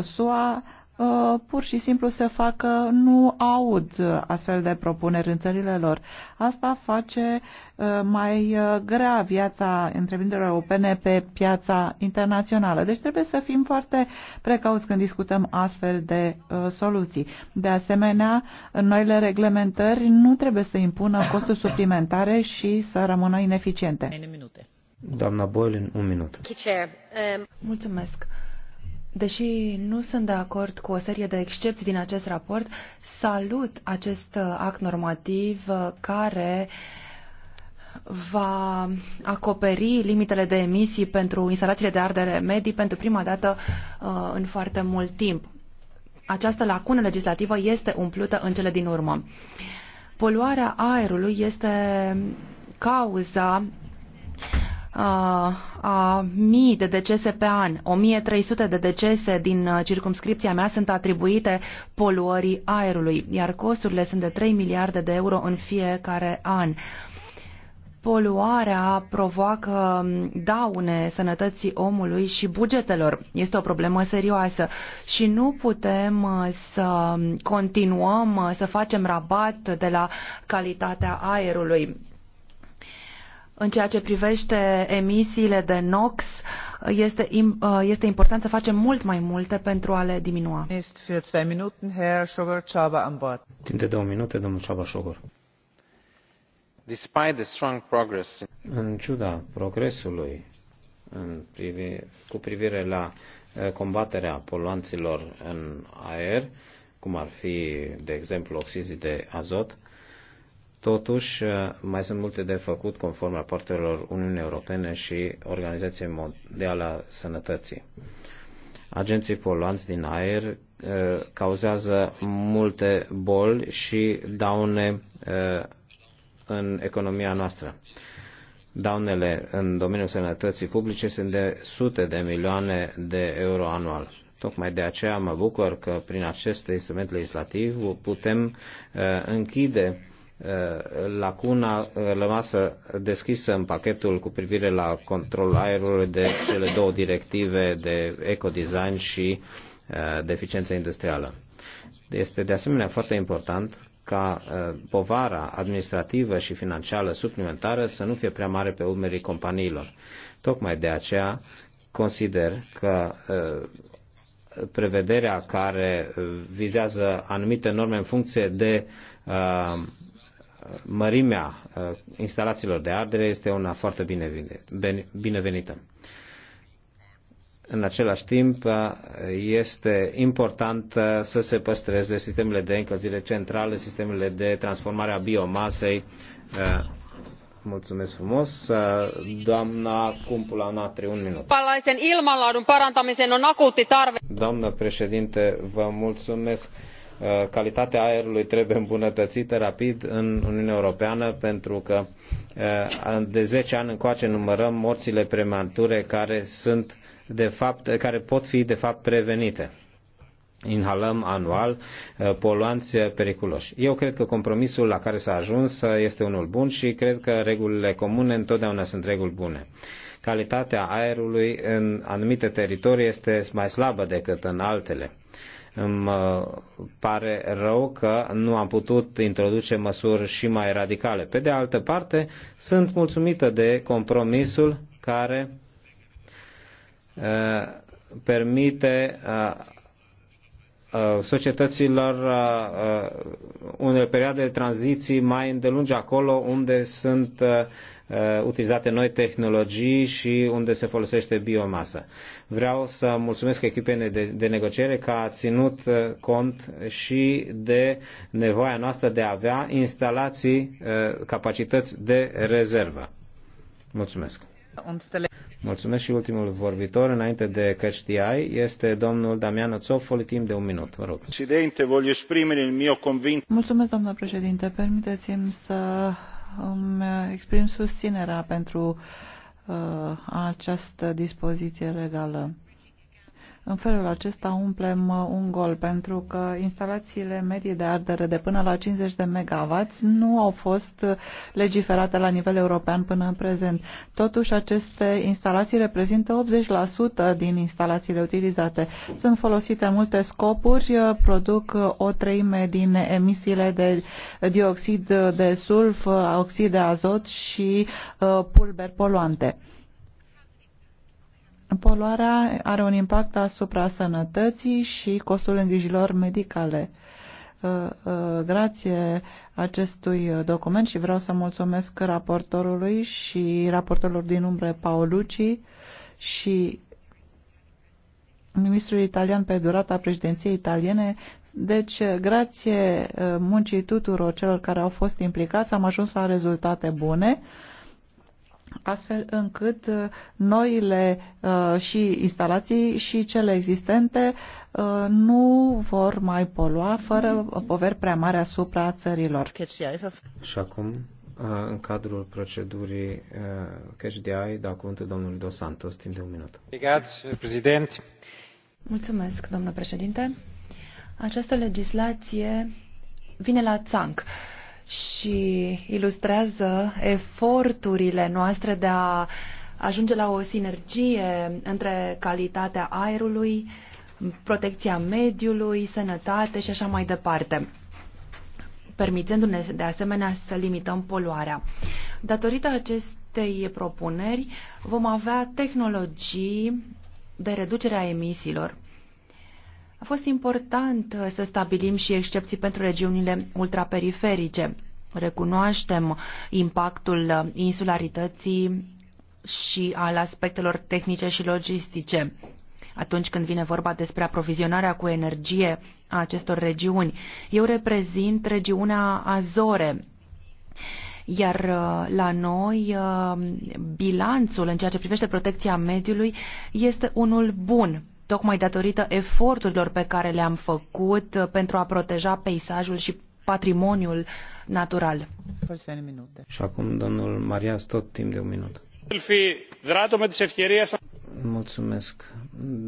[SPEAKER 3] SUA, Uh, pur și simplu se facă nu aud astfel de propuneri în țările lor. Asta face uh, mai uh, grea viața întreprinderilor europene pe piața internațională. Deci trebuie să fim foarte precauți când discutăm astfel de soluții. De asemenea, noile reglementări nu trebuie să impună costuri suplimentare și să rămână ineficiente.
[SPEAKER 1] Doamna Boyle, un minut.
[SPEAKER 2] Um, Mulțumesc. Deși nu sunt de acord cu o serie de excepții din acest raport, salut acest uh, act normativ uh, care va acoperi limitele de emisii pentru instalațiile de ardere medii pentru prima dată uh, în foarte mult timp. Această lacună legislativă este umplută în cele din urmă. Poluarea aerului este cauza a mii de decese pe an, 1300 de decese din uh, circumscripția mea sunt atribuite poluării aerului, iar costurile sunt de 3 miliarde de euro în fiecare an. Poluarea provoacă um, daune sănătății omului și bugetelor. Este o problemă serioasă și nu putem uh, să um, continuăm uh, să facem rabat de la calitatea aerului în ceea ce privește emisiile de NOx, este, uh, este important să facem mult mai multe pentru a le diminua.
[SPEAKER 1] Timp de două minute, domnul Chaba Shogor. Despite the strong progress... in... În ciuda progresului în privi, cu privire la uh, combaterea poluanților în aer, cum ar fi, de exemplu, oxizii de azot, Totuși, uh, mai sunt multe de făcut conform raportelor Uniunii Europene și Organizației Mondiale a Sănătății. Agenții poluanți din aer uh, cauzează multe boli și daune uh, în economia noastră. Daunele în domeniul sănătății publice sunt de sute de milioane de euro anual. Tocmai de aceea mă bucur că prin acest instrument legislativ putem uh, închide Eh, lacuna eh, rămasă deschisă în pachetul cu privire la controlul aerului de cele două directive de ecodesign și eh, de eficiență industrială. Este de asemenea foarte important ca povara administrativă și financiară suplimentară să nu fie prea mare pe umerii companiilor. Tocmai de aceea consider că prevederea care vizează anumite norme în funcție de uh, mărimea uh, instalațiilor de ardere este una foarte binevenită. În același timp, uh, este important uh, să se păstreze sistemele de încălzire centrale, sistemele de transformare a biomasei. Mulțumesc frumos. Doamna Cumpula Natri, un minut.
[SPEAKER 3] Doamna
[SPEAKER 1] parantamisen președinte, vă mulțumesc Uh, calitatea aerului trebuie îmbunătățită rapid în Uniunea Europeană pentru că uh, de 10 ani încoace numărăm morțile premature care sunt de fapt, care pot fi de fapt prevenite. Inhalăm anual uh, poluanți periculoși. Eu cred că compromisul la care s-a ajuns este unul bun și cred că regulile comune întotdeauna sunt reguli bune calitatea aerului în anumite teritorii este mai slabă decât în altele. Îmi uh, pare rău că nu am putut introduce măsuri și mai radicale. Pe de altă parte, sunt mulțumită de compromisul care uh, permite uh, Uh, societăților uh, uh, unei perioade de tranziții mai îndelungi acolo unde sunt utilizate noi tehnologii și unde se folosește biomasă. Vreau să mulțumesc echipei de, de negociere că a ținut cont și de nevoia noastră de a avea instalații, capacități de rezervă. Mulțumesc. Mulțumesc și ultimul vorbitor înainte de CHTI este domnul Damian Zoffoli, timp de un minut. Vă rog. Presidente, voglio esprimere il mio
[SPEAKER 3] Mulțumesc, domnul președinte. Permiteți-mi să îmi exprim susținerea pentru uh, această dispoziție legală. În felul acesta umplem uh, un gol, pentru că instalațiile medii de ardere de până la 50 de MW nu au fost uh, legiferate la nivel european până în prezent. Totuși, aceste instalații reprezintă 80% din instalațiile utilizate. Sunt folosite multe scopuri, uh, produc o treime din emisiile de dioxid de sulf, oxid de azot și pulberi poluante. Poluarea are un impact asupra sănătății și costul îngrijilor medicale. Uh, uh, grație acestui document și vreau să mulțumesc raportorului și raportorilor din umbre Paolucci și ministrul italian pe durata președinției italiene. Deci, grație uh, muncii tuturor celor care au fost implicați, am ajuns la rezultate bune astfel încât uh, noile uh, și instalații și cele existente uh, nu vor mai polua fără poveri prea mare asupra țărilor.
[SPEAKER 1] Și acum, în cadrul procedurii Cash DI, da cuvântul domnului Dos Santos, timp de un minut.
[SPEAKER 2] Mulțumesc, domnule președinte. Această legislație vine la țanc. Uh, și ilustrează eforturile noastre de a ajunge la o sinergie între calitatea aerului, protecția mediului, sănătate și așa mai departe, permițându-ne de asemenea să limităm poluarea. Datorită acestei propuneri vom avea tehnologii de reducere a emisiilor a fost important uh, să stabilim și excepții pentru regiunile ultraperiferice. Recunoaștem impactul uh, insularității și al aspectelor tehnice și logistice atunci când vine vorba despre aprovizionarea cu energie a acestor regiuni. Eu reprezint regiunea Azore, iar uh, la noi bilanțul în ceea ce privește protecția mediului este unul bun tocmai datorită eforturilor pe care le-am făcut uh, pentru a proteja peisajul și patrimoniul natural.
[SPEAKER 1] Și acum domnul Marias, tot timp de un minut. Mulțumesc,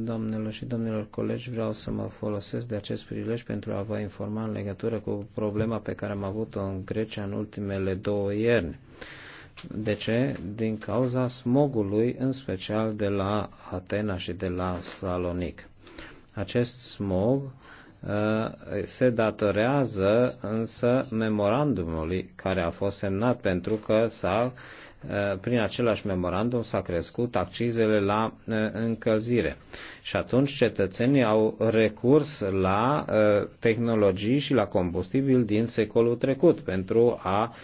[SPEAKER 1] domnilor și domnilor colegi. Vreau să mă folosesc de acest prilej pentru a vă informa în legătură cu problema pe care am avut-o în Grecia în ultimele două ierni. De ce? Din cauza smogului, în special de la Atena și de la Salonic. Acest smog uh, se datorează însă memorandumului care a fost semnat pentru că s-a Eh, prin același memorandum s-a crescut accizele la eh, încălzire. Și atunci cetățenii au recurs la eh, tehnologii și la combustibil din secolul trecut pentru a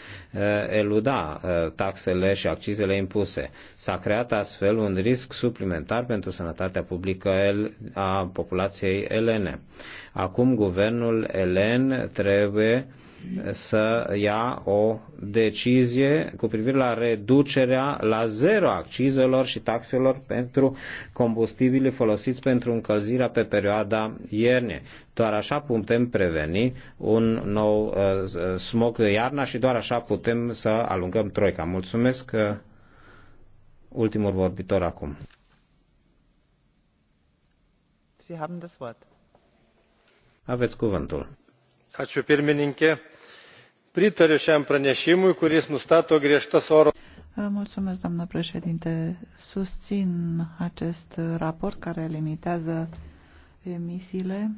[SPEAKER 1] eluda taxele și accizele impuse. S-a creat astfel un risc suplimentar pentru sănătatea publică a populației elene. Acum guvernul elen trebuie să ia o decizie cu privire la reducerea la zero accizelor și taxelor pentru combustibile folosiți pentru încălzirea pe perioada iernii. Doar așa putem preveni un nou uh, smog de iarna și doar așa putem să alungăm troica. Mulțumesc uh, ultimul vorbitor acum.
[SPEAKER 3] Sie haben das Wort.
[SPEAKER 1] Aveți cuvântul. Ačiū pirmininkė pritariu šiam pranešimui kuris nustato griežtas oro.
[SPEAKER 3] Mulțumesc, doamnă președinte. Susțin acest raport care limitează emisiile.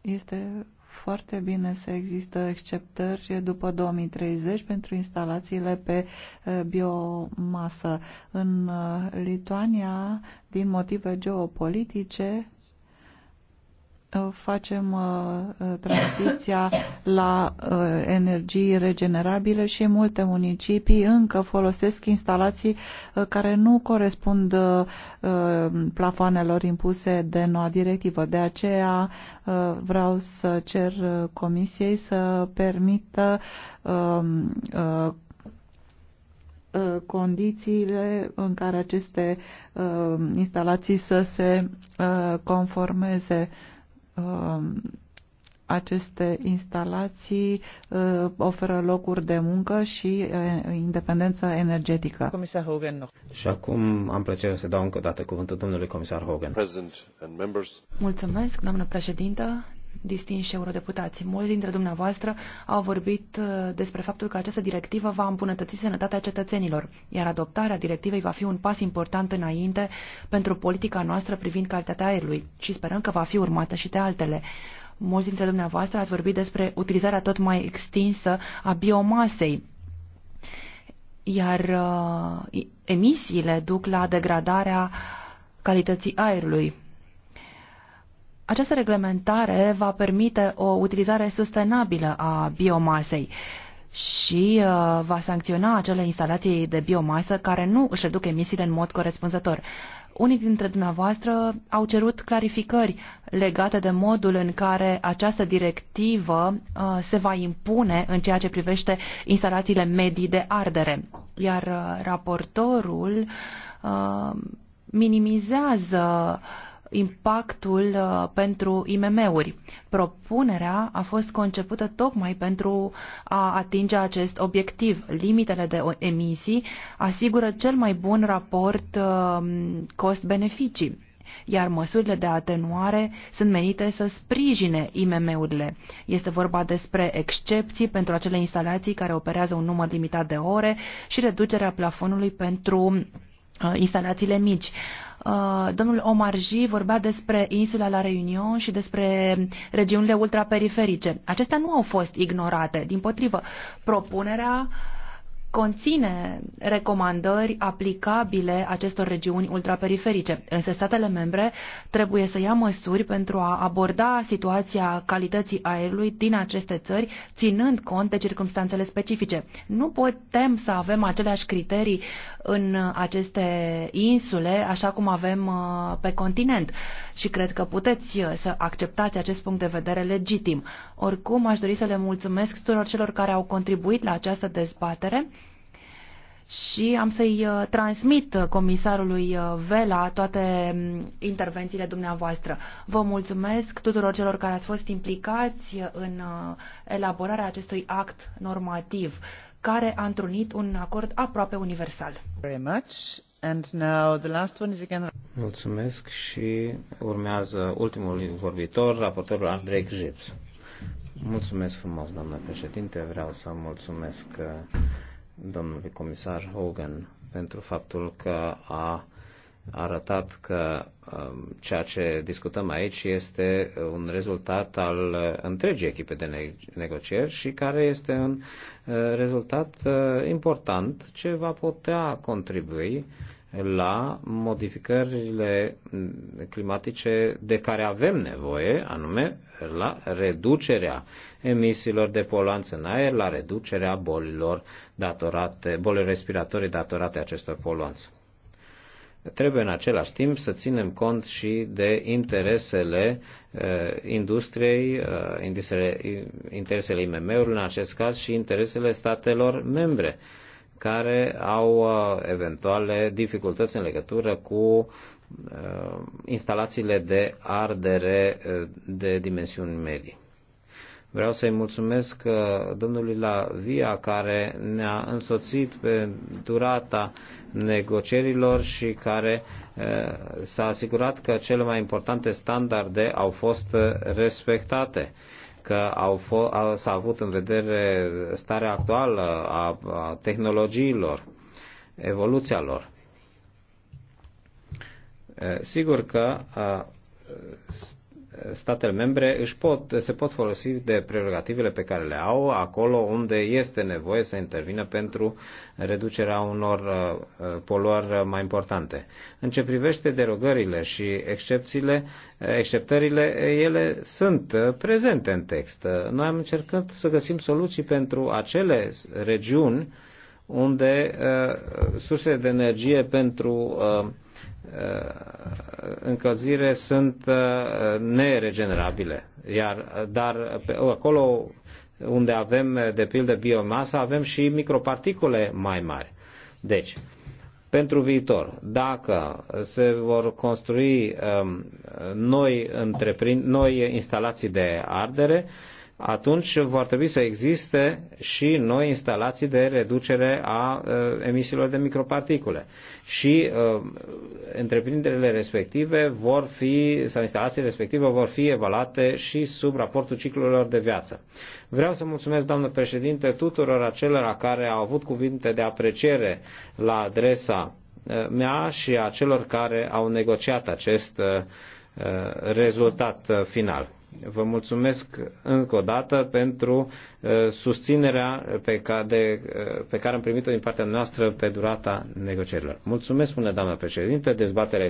[SPEAKER 3] Este foarte bine să există exceptări după 2030 pentru instalațiile pe eh, biomasă. În eh, Lituania, din motive geopolitice, Uh, facem uh, uh, tranziția la energii regenerabile și multe municipii încă folosesc instalații care nu corespund plafoanelor impuse de noua directivă. De aceea vreau să cer Comisiei să permită um, condițiile în care aceste instalații să se conformeze Um, aceste instalații uh, oferă locuri de muncă și uh, independență energetică. Comisar Hogan.
[SPEAKER 1] Și acum am plăcere să dau încă o dată cuvântul domnului comisar Hogan.
[SPEAKER 2] Mulțumesc, doamnă președintă, distinși eurodeputați. Mulți dintre dumneavoastră au vorbit uh, despre faptul că această directivă va îmbunătăți sănătatea cetățenilor, iar adoptarea directivei va fi un pas important înainte pentru politica noastră privind calitatea aerului și sperăm că va fi urmată și de altele. Mulți dintre dumneavoastră ați vorbit despre utilizarea tot mai extinsă a biomasei, iar uh, emisiile duc la degradarea calității aerului. Această reglementare va permite o utilizare sustenabilă a biomasei și uh, va sancționa acele instalații de biomasă care nu își reduc emisiile în mod corespunzător. Unii dintre dumneavoastră au cerut clarificări legate de modul în care această directivă uh, se va impune în ceea ce privește instalațiile medii de ardere. Iar uh, raportorul minimizează uh, impactul uh, pentru IMM-uri. Propunerea a fost concepută tocmai pentru a atinge acest obiectiv. Limitele de emisii asigură cel mai bun raport uh, cost-beneficii iar măsurile de atenuare sunt menite să sprijine IMM-urile. Este vorba despre excepții pentru acele instalații care operează un număr limitat de ore și reducerea plafonului pentru uh, instalațiile mici. Uh, domnul Omarji vorbea despre insula La Reunion și despre regiunile ultraperiferice. Acestea nu au fost ignorate. Din potrivă, propunerea uh, conține recomandări aplicabile acestor regiuni ultraperiferice. Însă statele membre trebuie să ia măsuri pentru a aborda situația calității aerului din aceste țări, ținând cont de circumstanțele specifice. Nu putem să avem aceleași criterii în aceste insule, așa cum avem uh, pe continent. Și cred că puteți uh, să acceptați acest punct de vedere legitim. Oricum, aș dori să le mulțumesc tuturor celor care au contribuit la această dezbatere și am să-i uh, transmit uh, comisarului uh, Vela toate mm, intervențiile dumneavoastră. Vă mulțumesc tuturor celor care ați fost implicați în elaborarea acestui act normativ care a întrunit un acord aproape universal.
[SPEAKER 1] Mulțumesc și urmează ultimul vorbitor, raportorul Andrei Gips. Mulțumesc frumos, doamnă președinte. Vreau să mulțumesc domnului comisar Hogan pentru faptul că a arătat că um, ceea ce discutăm aici este un rezultat al întregii echipe de negocieri și care este un uh, rezultat uh, important ce va putea contribui la modificările climatice de care avem nevoie, anume la reducerea emisiilor de poluanți în aer, la reducerea bolilor datorate, bolilor respiratorii datorate acestor poluanți. Trebuie în același timp să ținem cont și de interesele uh, industriei, uh, interesele, interesele IMM-urilor în acest caz și interesele statelor membre. Uh, care au uh, eventuale dificultăți în legătură cu uh, instalațiile de ardere uh, de dimensiuni medii. Vreau să-i mulțumesc domnului La Via care ne-a însoțit pe durata negocierilor și care s-a asigurat că cele mai importante standarde au fost respectate că au f- s-a avut în vedere starea actuală a, a tehnologiilor, evoluția lor. Sigur că statele membre își pot, se pot folosi de prerogativele pe care le au acolo unde este nevoie să intervină pentru reducerea unor uh, uh, poluări mai importante. În ce privește derogările și excepțiile, uh, exceptările, ele sunt prezente în text. Noi am încercat să găsim soluții pentru acele regiuni unde uh, surse de energie pentru uh, Uh, încălzire sunt uh, neregenerabile. Iar, dar pe, acolo unde avem, de pildă, biomasă, avem și microparticule mai mari. Deci, pentru viitor, dacă se vor construi um, noi, noi instalații de ardere, uh, atunci vor trebui să existe și noi instalații de reducere a uh, emisiilor de microparticule. Și uh, întreprinderile respective vor fi, sau instalațiile respective vor fi evaluate și sub raportul ciclurilor de viață. Vreau să mulțumesc, doamnă președinte, tuturor acelora care au avut cuvinte de apreciere la adresa uh, mea și a celor care au negociat acest uh, uh rezultat final. Vă mulțumesc încă o dată pentru uh, susținerea pe care, uh, pe care am primit-o din partea noastră pe durata negocierilor. Mulțumesc, bună doamnă președinte, dezbaterea este